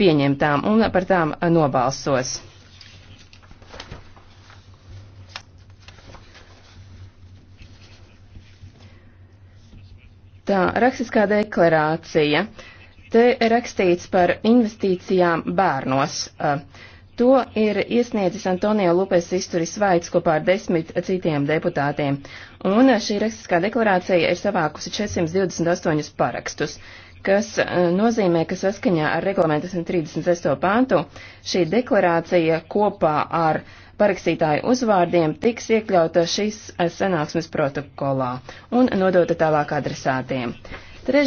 pieņemtām un par tām nobalsos. Tā rakstiskā deklarācija. Te rakstīts par investīcijām bērnos. Uh, To ir iesniedzis Antonio Lupes izturis vaids kopā ar desmit citiem deputātiem, un šī rakstiskā deklarācija ir savākusi 428 parakstus, kas eh, nozīmē, ka saskaņā ar reglamentu 136. pantu šī deklarācija kopā ar parakstītāju uzvārdiem tiks iekļauta šīs eh, sanāksmes protokolā un nodota tālāk adresātiem. Trešdien